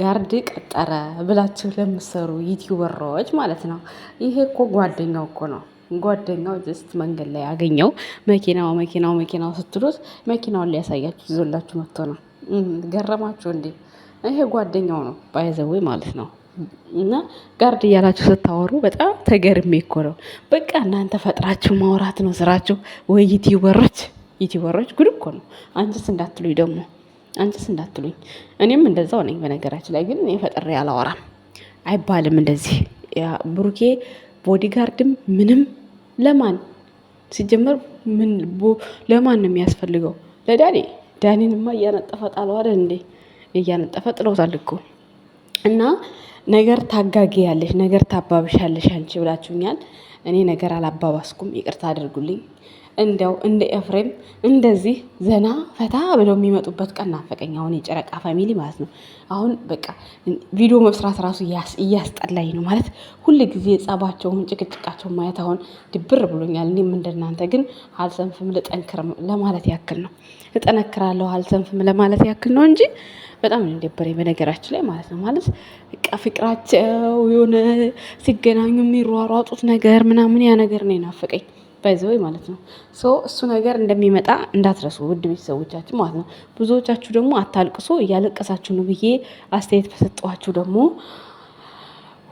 ጋርድ ቀጠረ ብላችሁ ለምሰሩ ዩቲዩበሮች ማለት ነው። ይሄ እኮ ጓደኛው እኮ ነው። ጓደኛው ጀስት መንገድ ላይ ያገኘው መኪናው መኪናው መኪናው ስትሉት መኪናውን ሊያሳያችሁ ይዞላችሁ መጥቶ ነው። ገረማችሁ እንዴ? ይሄ ጓደኛው ነው ባይዘዌ ማለት ነው። እና ጋርድ እያላችሁ ስታወሩ በጣም ተገርሜ እኮ ነው። በቃ እናንተ ፈጥራችሁ ማውራት ነው ስራችሁ። ወይ ዩቲዩበሮች ዩቲዩበሮች ጉድ እኮ ነው። አንቺስ እንዳትሉኝ ደግሞ አንቺስ እንዳትሉኝ እኔም እንደዛው ነኝ። በነገራችን ላይ ግን እኔ ፈጥሬ አላወራም አይባልም እንደዚህ ብሩኬ ቦዲጋርድም ምንም ለማን ሲጀመር ምን ለማን ነው የሚያስፈልገው? ለዳኒ ዳኒንማ እያነጠፈ ጣለዋል እንዴ! እያነጠፈ ጥለውታል እኮ እና ነገር ታጋጊ ያለሽ ነገር ታባብሻለሽ አንቺ ብላችሁኛል። እኔ ነገር አላባባስኩም፣ ይቅርታ አድርጉልኝ። እንደው እንደ ኤፍሬም እንደዚህ ዘና ፈታ ብለው የሚመጡበት ቀን ናፈቀኝ። አሁን የጨረቃ ፋሚሊ ማለት ነው። አሁን በቃ ቪዲዮ መስራት ራሱ እያስጠላኝ ነው ማለት ሁል ጊዜ ጸባቸውን፣ ጭቅጭቃቸውን ማየት አሁን ድብር ብሎኛል። እኔም እንደናንተ ግን አልሰንፍም፣ ልጠንክር ለማለት ያክል ነው። እጠነክራለሁ አልሰንፍም ለማለት ያክል ነው እንጂ በጣም ነው በነገራችን ላይ ማለት ነው። ማለት ፍቅራቸው የሆነ ሲገናኙ የሚሯሯጡት ነገር ምናምን ያ ነገር ነው የናፈቀኝ ባይዘወይ ማለት ነው። ሶ እሱ ነገር እንደሚመጣ እንዳትረሱ ውድ ቤተሰቦቻችን ማለት ነው። ብዙዎቻችሁ ደግሞ አታልቅሶ እያለቀሳችሁ ነው ብዬ አስተያየት በሰጠኋችሁ ደግሞ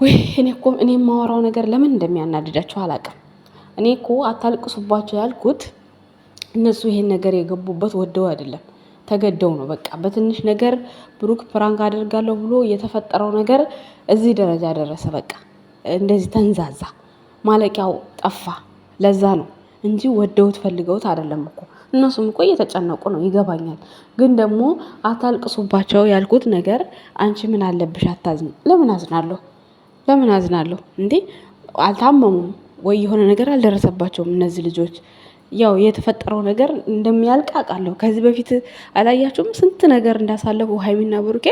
ወይ እኔ እኮ እኔ የማወራው ነገር ለምን እንደሚያናድዳችሁ አላቅም። እኔ እኮ አታልቅሱባቸው ያልኩት እነሱ ይሄን ነገር የገቡበት ወደው አይደለም ተገደው ነው። በቃ በትንሽ ነገር ብሩክ ፕራንክ አደርጋለሁ ብሎ የተፈጠረው ነገር እዚህ ደረጃ ደረሰ። በቃ እንደዚህ ተንዛዛ። ማለቂያው ጠፋ። ለዛ ነው እንጂ ወደውት ፈልገውት አይደለም እኮ እነሱም እኮ እየተጨነቁ ነው፣ ይገባኛል። ግን ደግሞ አታልቅሱባቸው ያልኩት ነገር አንቺ ምን አለብሽ አታዝኝ። ለምን አዝናለሁ? ለምን አዝናለሁ እንዴ? አልታመሙም ወይ የሆነ ነገር አልደረሰባቸውም እነዚህ ልጆች ያው የተፈጠረው ነገር እንደሚያልቅ አውቃለሁ። ከዚህ በፊት አላያችሁም? ስንት ነገር እንዳሳለፉ ሀይሚና ብሩኬ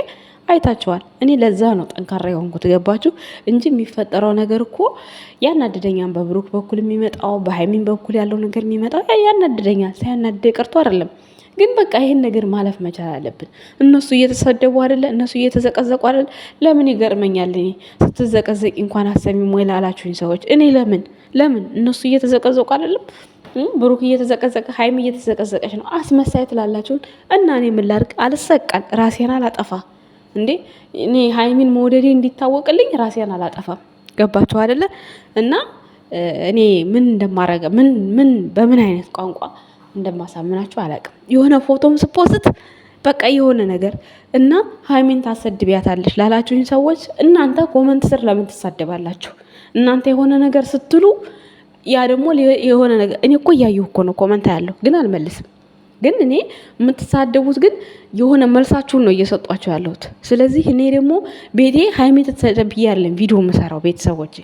አይታችኋል። እኔ ለዛ ነው ጠንካራ የሆንኩት ገባችሁ? እንጂ የሚፈጠረው ነገር እኮ ያናድደኛል። በብሩክ በኩል የሚመጣው በሀይሚን በኩል ያለው ነገር የሚመጣው ያናድደኛል። ሳያናድደ ቀርቶ አይደለም ግን በቃ ይህን ነገር ማለፍ መቻል አለብን። እነሱ እየተሰደቡ አይደለ? እነሱ እየተዘቀዘቁ አይደለ? ለምን ይገርመኛል። እኔ ስትዘቀዘቂ እንኳን አሰሚም ወይ ላላችሁኝ ሰዎች እኔ ለምን ለምን እነሱ እየተዘቀዘቁ አይደለም ብሩክ እየተዘቀዘቀ ሀይም እየተዘቀዘቀች ነው። አስመሳይ ትላላችሁን እና እኔ ምን ላድርግ? አልሰቀል፣ ራሴን አላጠፋ እንዴ እኔ ሀይሚን መውደዴ እንዲታወቅልኝ ራሴን አላጠፋም። ገባችሁ አይደለ? እና እኔ ምን እንደማረገ ምን ምን በምን አይነት ቋንቋ እንደማሳምናችሁ አላቅም የሆነ ፎቶም ስፖስት በቃ የሆነ ነገር እና ሀይሚን ታሰድቢያታለች ላላችሁኝ ሰዎች እናንተ ኮመንት ስር ለምን ትሳደባላችሁ? እናንተ የሆነ ነገር ስትሉ ያ ደግሞ የሆነ ነገር እኔ እኮ እያየሁ እኮ ነው ኮመንት ያለሁ ግን አልመልስም። ግን እኔ የምትሳደቡት ግን የሆነ መልሳችሁን ነው እየሰጧቸው ያለሁት። ስለዚህ እኔ ደግሞ ቤቴ ሀይሜ ተሰደብ ያለን ቪዲዮ የምሰራው ቤተሰቦች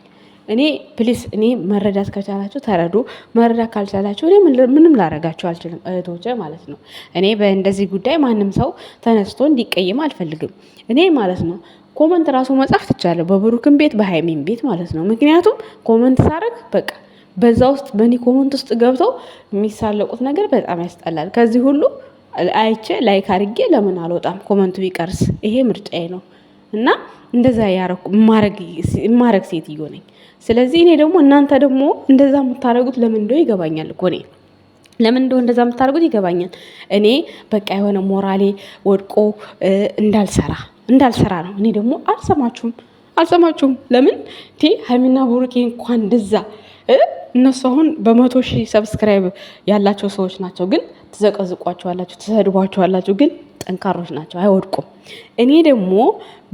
እኔ ፕሊስ እኔ መረዳት ከቻላችሁ ተረዱ፣ መረዳት ካልቻላችሁ እኔ ምንም ላረጋችሁ አልችልም፣ እህቶች ማለት ነው። እኔ በእንደዚህ ጉዳይ ማንም ሰው ተነስቶ እንዲቀይም አልፈልግም። እኔ ማለት ነው ኮመንት ራሱ መጻፍ ትቻለሁ፣ በብሩክም ቤት በሀይሜም ቤት ማለት ነው። ምክንያቱም ኮመንት ሳረግ በቃ በዛ ውስጥ በእኔ ኮመንት ውስጥ ገብተው የሚሳለቁት ነገር በጣም ያስጠላል። ከዚህ ሁሉ አይቼ ላይክ አድርጌ ለምን አልወጣም? ኮመንቱ ቢቀርስ ይሄ ምርጫዬ ነው እና እንደዛ የማረግ ሴትዮ ነኝ። ስለዚህ እኔ ደግሞ እናንተ ደግሞ እንደዛ የምታደርጉት ለምን እንደው ይገባኛል እኮ እኔ ለምን እንደው እንደዛ የምታደርጉት ይገባኛል። እኔ በቃ የሆነ ሞራሌ ወድቆ እንዳልሰራ እንዳልሰራ ነው። እኔ ደግሞ አልሰማችሁም አልሰማችሁም። ለምን ቴ ሀይሚና ብሩኬ እንኳን እንደዛ እነሱ አሁን በመቶ ሺህ ሰብስክራይብ ያላቸው ሰዎች ናቸው፣ ግን ትዘቀዝቋቸዋላችሁ፣ ትሰድቧቸዋላችሁ፣ ግን ጠንካሮች ናቸው፣ አይወድቁም። እኔ ደግሞ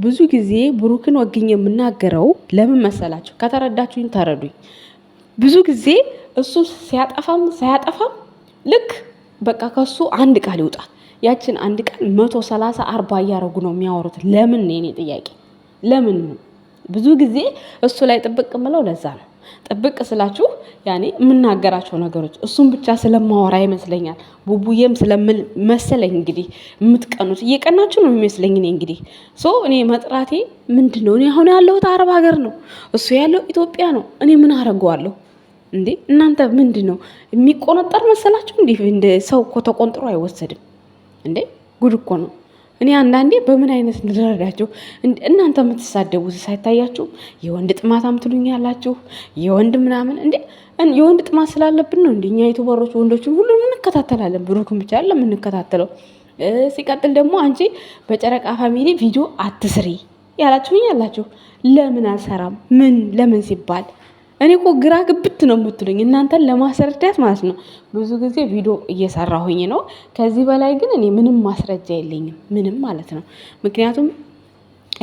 ብዙ ጊዜ ብሩክን ወግኝ የምናገረው ለምን መሰላችሁ? ከተረዳችሁኝ ተረዱኝ። ብዙ ጊዜ እሱ ሲያጠፋም ሳያጠፋም ልክ በቃ ከሱ አንድ ቃል ይውጣል። ያችን አንድ ቃል መቶ ሰላሳ አርባ እያደረጉ ነው የሚያወሩት። ለምን ነው የኔ ጥያቄ? ለምን ብዙ ጊዜ እሱ ላይ ጥብቅ ምለው? ለዛ ነው ጥብቅ ስላችሁ ያኔ የምናገራቸው ነገሮች እሱም ብቻ ስለማወራ ይመስለኛል። ቡቡዬም ስለምል መሰለኝ እንግዲህ የምትቀኑት እየቀናችሁ ነው የሚመስለኝ። እኔ እንግዲህ ሶ እኔ መጥራቴ ምንድን ነው? እኔ አሁን ያለሁት አረብ ሀገር ነው፣ እሱ ያለው ኢትዮጵያ ነው። እኔ ምን አደርገዋለሁ? እንዴ እናንተ ምንድን ነው የሚቆነጠር መሰላችሁ? እንዲህ ሰው እኮ ተቆንጥሮ አይወሰድም እንዴ! ጉድ እኮ ነው። እኔ አንዳንዴ በምን አይነት እንድረዳቸው እናንተ የምትሳደቡት ሳይታያችሁ የወንድ ጥማት ትሉኝ ያላችሁ የወንድ ምናምን እንዴ የወንድ ጥማት ስላለብን ነው እንደ እኛ ዩቱበሮች ወንዶችን ሁሉም እንከታተላለን። ብሩክን ብቻ ለ የምንከታተለው። ሲቀጥል ደግሞ አንቺ በጨረቃ ፋሚሊ ቪዲዮ አትስሪ ያላችሁኝ ያላችሁ ለምን አልሰራም ምን ለምን ሲባል እኔ እኮ ግራ ግብት ነው የምትሉኝ እናንተን ለማስረዳት ማለት ነው። ብዙ ጊዜ ቪዲዮ እየሰራሁኝ ነው። ከዚህ በላይ ግን እኔ ምንም ማስረጃ የለኝም፣ ምንም ማለት ነው። ምክንያቱም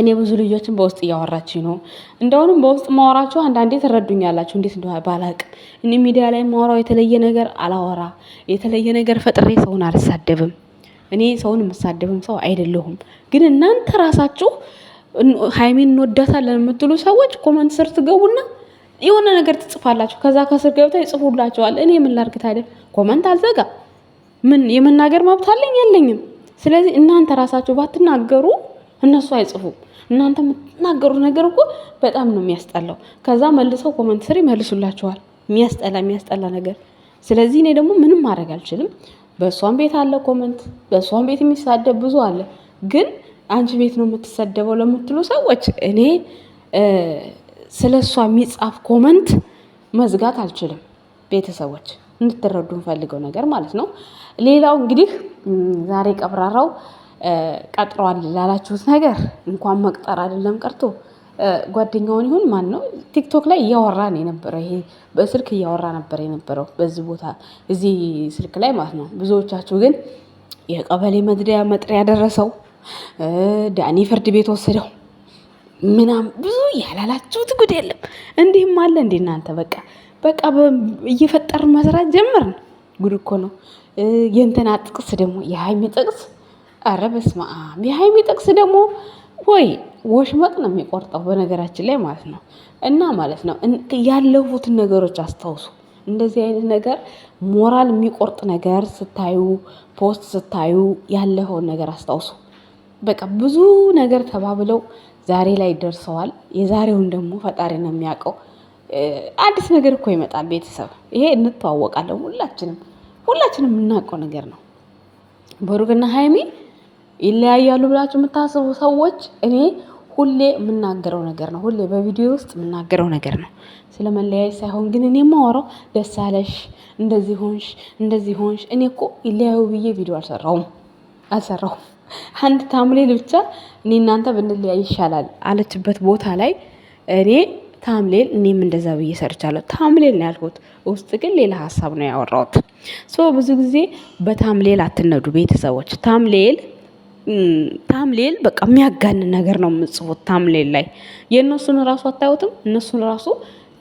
እኔ ብዙ ልጆችን በውስጥ እያወራችኝ ነው። እንደውንም በውስጥ ማወራችሁ አንዳንዴ ትረዱኛላችሁ፣ እንዴት እንደሆነ ባላቅም። እኔ ሚዲያ ላይ ማወራው የተለየ ነገር አላወራ፣ የተለየ ነገር ፈጥሬ ሰውን አልሳደብም። እኔ ሰውን የምሳደብም ሰው አይደለሁም። ግን እናንተ ራሳችሁ ሀይሜን እንወዳታለን የምትሉ ሰዎች ኮመንት ስር ትገቡና የሆነ ነገር ትጽፋላችሁ፣ ከዛ ከስር ገብተው ይጽፉላችኋል። እኔ ምን ላድርግ ታዲያ? ኮመንት አልዘጋ። ምን የመናገር መብት አለኝ የለኝም? ስለዚህ እናንተ ራሳችሁ ባትናገሩ እነሱ አይጽፉም። እናንተ የምትናገሩት ነገር እኮ በጣም ነው የሚያስጠላው። ከዛ መልሰው ኮመንት ስር ይመልሱላችኋል። የሚያስጠላ የሚያስጠላ ነገር። ስለዚህ እኔ ደግሞ ምንም ማድረግ አልችልም። በእሷን ቤት አለ ኮመንት፣ በእሷን ቤት የሚሳደብ ብዙ አለ። ግን አንቺ ቤት ነው የምትሰደበው ለምትሉ ሰዎች እኔ ስለ እሷ የሚጻፍ ኮመንት መዝጋት አልችልም። ቤተሰቦች እንድትረዱ እንፈልገው ነገር ማለት ነው። ሌላው እንግዲህ ዛሬ ቀብራራው ቀጥሯል ላላችሁት ነገር እንኳን መቅጠር አይደለም ቀርቶ ጓደኛውን ይሁን ማን ነው ቲክቶክ ላይ እያወራ ነው የነበረው። ይሄ በስልክ እያወራ ነበር የነበረው በዚህ ቦታ እዚህ ስልክ ላይ ማለት ነው። ብዙዎቻችሁ ግን የቀበሌ መድሪያ መጥሪያ ደረሰው ዳኒ ፍርድ ቤት ወሰደው ምናም ብዙ ያላላችሁት ጉድ የለም። እንዲህም አለ እንዴ እናንተ በቃ በቃ እየፈጠርን መስራት ጀመርን። ጉድ እኮ ነው። የእንትና ጥቅስ ደግሞ የሀይሚ ጥቅስ፣ ኧረ በስመ አብ! የሀይሚ ጥቅስ ደግሞ ወይ ወሽመጥ ነው የሚቆርጠው በነገራችን ላይ ማለት ነው። እና ማለት ነው ያለፉትን ነገሮች አስታውሱ። እንደዚህ አይነት ነገር ሞራል የሚቆርጥ ነገር ስታዩ፣ ፖስት ስታዩ ያለፈውን ነገር አስታውሱ። በቃ ብዙ ነገር ተባብለው ዛሬ ላይ ደርሰዋል። የዛሬውን ደግሞ ፈጣሪ ነው የሚያውቀው። አዲስ ነገር እኮ ይመጣል። ቤተሰብ ይሄ እንተዋወቃለን። ሁላችንም ሁላችንም የምናውቀው ነገር ነው። ብሩክና ሀይሚ ይለያያሉ ብላችሁ የምታስቡ ሰዎች እኔ ሁሌ የምናገረው ነገር ነው። ሁሌ በቪዲዮ ውስጥ የምናገረው ነገር ነው። ስለ መለያየት ሳይሆን ግን እኔ የማወራው ደስ አለሽ፣ እንደዚህ ሆንሽ፣ እንደዚህ ሆንሽ። እኔ እኮ ይለያዩ ብዬ ቪዲዮ አልሰራውም። አልሰራሁም። አንድ ታምሌል ብቻ እኔ እናንተ ብንለያይ ይሻላል አለችበት ቦታ ላይ እኔ ታምሌል እኔም እንደዛ ብዬ ሰርቻለሁ። ታምሌል ነው ያልኩት፣ ውስጥ ግን ሌላ ሀሳብ ነው ያወራሁት። ሶ ብዙ ጊዜ በታምሌል አትነዱ ቤተሰቦች። ታምሌል ታምሌል በቃ የሚያጋንን ነገር ነው የምጽፉት ታምሌል ላይ። የእነሱን ራሱ አታዩትም። እነሱን ራሱ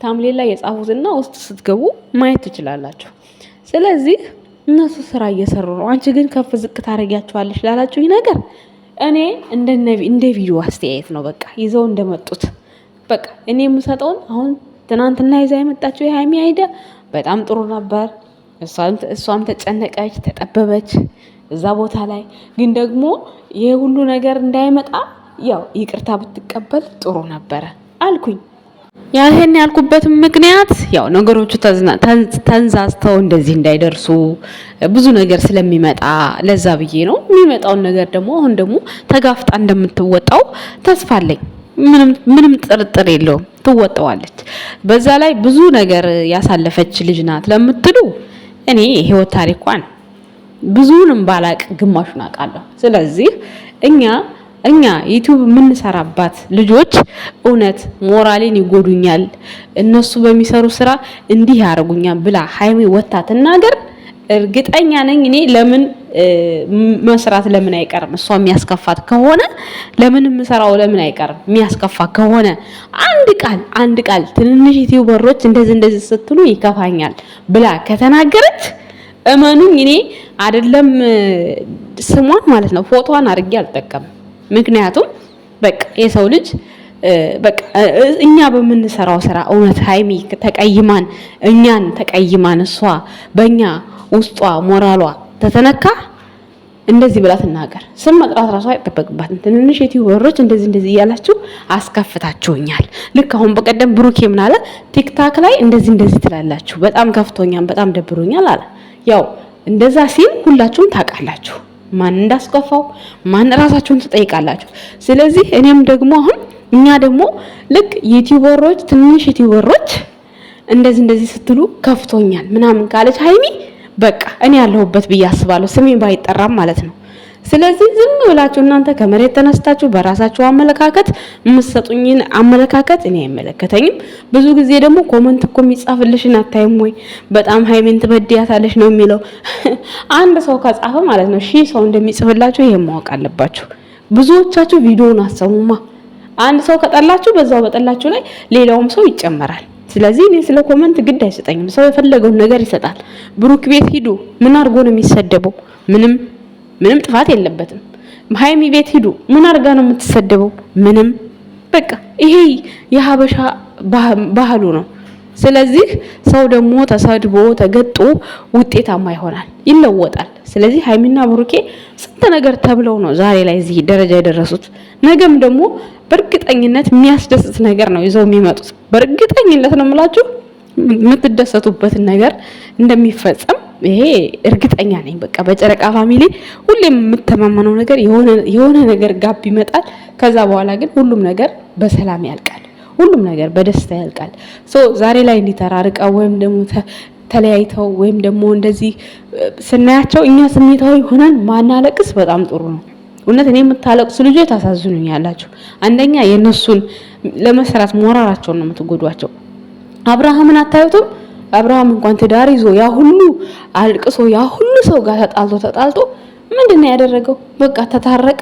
ታምሌል ላይ የጻፉትና ውስጥ ስትገቡ ማየት ትችላላችሁ። ስለዚህ እነሱ ስራ እየሰሩ ነው። አንቺ ግን ከፍ ዝቅ ታደርጊያቸዋለሽ ላላችሁኝ ነገር እኔ እንደ ቪዲዮ አስተያየት ነው። በቃ ይዘው እንደመጡት በቃ እኔ የምሰጠውን አሁን ትናንትና ይዛ የመጣችው የሀይሚ አይደ በጣም ጥሩ ነበር። እሷም ተጨነቀች፣ ተጠበበች እዛ ቦታ ላይ ግን ደግሞ ይሄ ሁሉ ነገር እንዳይመጣ ያው ይቅርታ ብትቀበል ጥሩ ነበረ አልኩኝ። ይህን ያልኩበት ምክንያት ያው ነገሮቹ ተንዛዝተው እንደዚህ እንዳይደርሱ ብዙ ነገር ስለሚመጣ ለዛ ብዬ ነው። የሚመጣውን ነገር ደግሞ አሁን ደግሞ ተጋፍጣ እንደምትወጣው ተስፋ አለኝ። ምንም ጥርጥር የለውም፣ ትወጣዋለች። በዛ ላይ ብዙ ነገር ያሳለፈች ልጅ ናት ለምትሉ እኔ የህይወት ታሪኳን ብዙንም ባላቅ ግማሹን አውቃለሁ። ስለዚህ እኛ እኛ ዩቲዩብ የምንሰራባት ልጆች እውነት ሞራሌን ይጎዱኛል፣ እነሱ በሚሰሩ ስራ እንዲህ ያደርጉኛል ብላ ሀይሜ ወታ ትናገር፣ እርግጠኛ ነኝ እኔ ለምን መስራት ለምን አይቀርም? እሷ የሚያስከፋት ከሆነ ለምን የምሰራው ለምን አይቀርም? የሚያስከፋ ከሆነ አንድ ቃል አንድ ቃል ትንንሽ ዩቲዩበሮች እንደዚህ እንደዚህ ስትሉ ይከፋኛል ብላ ከተናገረች እመኑኝ እኔ አይደለም ስሟን ማለት ነው ፎቶዋን አድርጌ አልጠቀም። ምክንያቱም በቃ የሰው ልጅ በቃ እኛ በምንሰራው ስራ እውነት ሀይሚ ተቀይማን እኛን ተቀይማን እሷ በእኛ ውስጧ ሞራሏ ተተነካ እንደዚህ ብላ ትናገር። ስም መጥራት ራሱ አይጠበቅባትም። ትንንሽ ዩቲዩበሮች እንደዚህ እንደዚህ እያላችሁ አስከፍታችሁኛል። ልክ አሁን በቀደም ብሩኬ ምን አለ? ቲክታክ ላይ እንደዚህ እንደዚህ ትላላችሁ፣ በጣም ከፍቶኛል፣ በጣም ደብሮኛል አለ። ያው እንደዛ ሲል ሁላችሁም ታውቃላችሁ። ማን እንዳስከፋው ማን ራሳቸውን ትጠይቃላችሁ። ስለዚህ እኔም ደግሞ አሁን እኛ ደግሞ ልክ ዩቲዩበሮች ትንሽ ዩቲዩበሮች እንደዚህ እንደዚህ ስትሉ ከፍቶኛል ምናምን ካለች ሀይሚ በቃ እኔ ያለሁበት ብዬ አስባለሁ። ስሜ ባይጠራም ማለት ነው። ስለዚህ ዝም ብላችሁ እናንተ ከመሬት ተነስታችሁ በራሳችሁ አመለካከት የምትሰጡኝን አመለካከት እኔ አይመለከተኝም። ብዙ ጊዜ ደግሞ ኮመንት እኮ የሚጻፍልሽን አታይም ወይ? በጣም ሃይሜን ትበድያታለሽ ነው የሚለው። አንድ ሰው ከጻፈ ማለት ነው ሺህ ሰው እንደሚጽፍላችሁ ይሄን ማወቅ አለባችሁ። ብዙዎቻችሁ ቪዲዮውን አሰሙማ። አንድ ሰው ከጠላችሁ በዛው በጠላችሁ ላይ ሌላውም ሰው ይጨመራል። ስለዚህ እኔ ስለ ኮመንት ግድ አይሰጠኝም። ሰው የፈለገውን ነገር ይሰጣል። ብሩክ ቤት ሂዱ ምን አድርጎ ነው የሚሰደበው? ምንም ምንም ጥፋት የለበትም። ሀይሚ ቤት ሂዱ። ምን አድርጋ ነው የምትሰደበው? ምንም በቃ ይሄ የሀበሻ ባህሉ ነው። ስለዚህ ሰው ደግሞ ተሰድቦ ተገጦ ውጤታማ ይሆናል፣ ይለወጣል። ስለዚህ ሀይሚና ብሩኬ ስንት ነገር ተብለው ነው ዛሬ ላይ እዚህ ደረጃ የደረሱት። ነገም ደግሞ በእርግጠኝነት የሚያስደስት ነገር ነው ይዘው የሚመጡት። በእርግጠኝነት ነው የምላችሁ የምትደሰቱበትን ነገር እንደሚፈጸም ይሄ እርግጠኛ ነኝ። በቃ በጨረቃ ፋሚሊ ሁሌም የምተማመነው ነገር የሆነ ነገር ጋብ ይመጣል። ከዛ በኋላ ግን ሁሉም ነገር በሰላም ያልቃል። ሁሉም ነገር በደስታ ያልቃል። ሶ ዛሬ ላይ እንዲተራርቀው ወይም ደግሞ ተለያይተው ወይም ደግሞ እንደዚህ ስናያቸው እኛ ስሜታዊ ሆነን ማናለቅስ በጣም ጥሩ ነው። እውነት እኔ የምታለቅሱ ልጆች ታሳዝኑኝ ያላችሁ፣ አንደኛ የእነሱን ለመስራት ሞራላቸውን ነው የምትጎዷቸው። አብርሃምን አታዩትም? አብርሃም እንኳን ትዳር ይዞ ያ ሁሉ አልቅሶ ያ ሁሉ ሰው ጋር ተጣልቶ ተጣልቶ ምንድን ነው ያደረገው? በቃ ተታረቀ።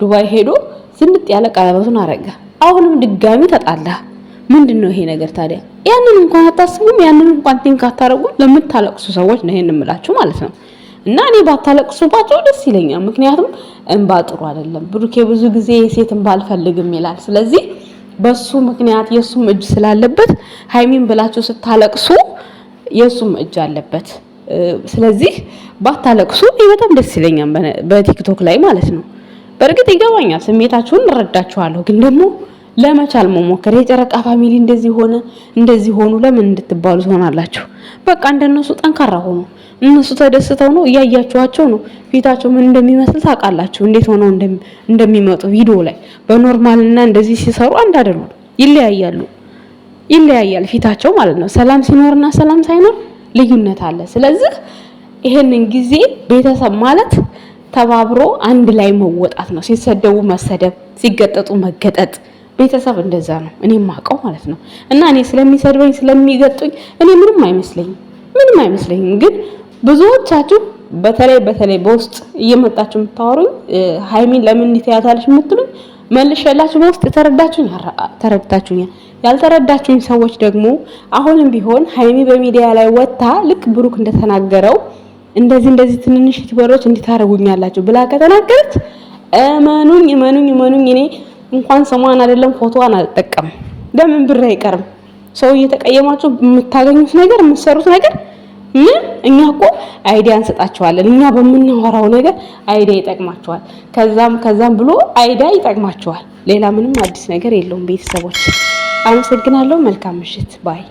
ዱባይ ሄዶ ዝንጥ ያለ ቀለበቱን አረገ። አሁንም ድጋሚ ተጣላ። ምንድን ነው ይሄ ነገር ታዲያ? ያንን እንኳን አታስቡም፣ ያንን እንኳን ቲንክ አታረጉም። ለምታለቅሱ ሰዎች ነው ይሄን እምላችሁ ማለት ነው። እና እኔ ባታለቅሱባቸው ደስ ይለኛል። ምክንያቱም እንባ ጥሩ አይደለም። ብሩኬ ብዙ ጊዜ ሴት እንባ አልፈልግም ይላል። ስለዚህ በሱ ምክንያት የሱም እጅ ስላለበት ሀይሚን ብላችሁ ስታለቅሱ የሱም እጅ አለበት። ስለዚህ ባታለቅሱ በጣም ደስ ይለኛል፣ በቲክቶክ ላይ ማለት ነው። በእርግጥ ይገባኛል፣ ስሜታችሁን እረዳችኋለሁ። ግን ደግሞ ለመቻል መሞከር የጨረቃ ፋሚሊ እንደዚህ ሆነ እንደዚህ ሆኑ ለምን እንድትባሉ ትሆናላችሁ? በቃ እንደነሱ ጠንካራ ሆኑ። እነሱ ተደስተው ነው እያያችኋቸው ነው። ፊታቸው ምን እንደሚመስል ታውቃላችሁ፣ እንዴት ሆነው እንደሚመጡ ቪዲዮ ላይ በኖርማልና እንደዚህ ሲሰሩ አንድ አይደሉም፣ ይለያያሉ። ይለያያል ፊታቸው ማለት ነው። ሰላም ሲኖርና ሰላም ሳይኖር ልዩነት አለ። ስለዚህ ይሄንን ጊዜ ቤተሰብ ማለት ተባብሮ አንድ ላይ መወጣት ነው። ሲሰደቡ መሰደብ፣ ሲገጠጡ መገጠጥ ቤተሰብ እንደዛ ነው። እኔ ማቀው ማለት ነው። እና እኔ ስለሚሰድበኝ ስለሚገጡኝ እኔ ምንም አይመስለኝም ምንም አይመስለኝም ግን ብዙዎቻችሁ በተለይ በተለይ በውስጥ እየመጣችሁ የምታወሩኝ ሀይሚን ለምን ትያታለሽ የምትሉኝ መልሼላችሁ በውስጥ ተረዳችሁኝ ተረድታችሁኛል። ያልተረዳችሁኝ ሰዎች ደግሞ አሁንም ቢሆን ሀይሚ በሚዲያ ላይ ወጥታ ልክ ብሩክ እንደተናገረው እንደዚህ እንደዚህ ትንንሽ ዩቲዩበሮች እንዲታረጉኛላችሁ ብላ ከተናገረች እመኑኝ እመኑኝ እመኑኝ እኔ እንኳን ስሟን አይደለም ፎቶዋን አጠቀም ለምን ብር አይቀርም። ሰው እየተቀየማችሁ የምታገኙት ነገር የምትሰሩት ነገር እኛ እኮ አይዲያ እንሰጣቸዋለን። እኛ በምናወራው ነገር አይዲያ ይጠቅማቸዋል። ከዛም ከዛም ብሎ አይዲያ ይጠቅማቸዋል። ሌላ ምንም አዲስ ነገር የለውም። ቤተሰቦች አመሰግናለሁ። መልካም ምሽት ባይ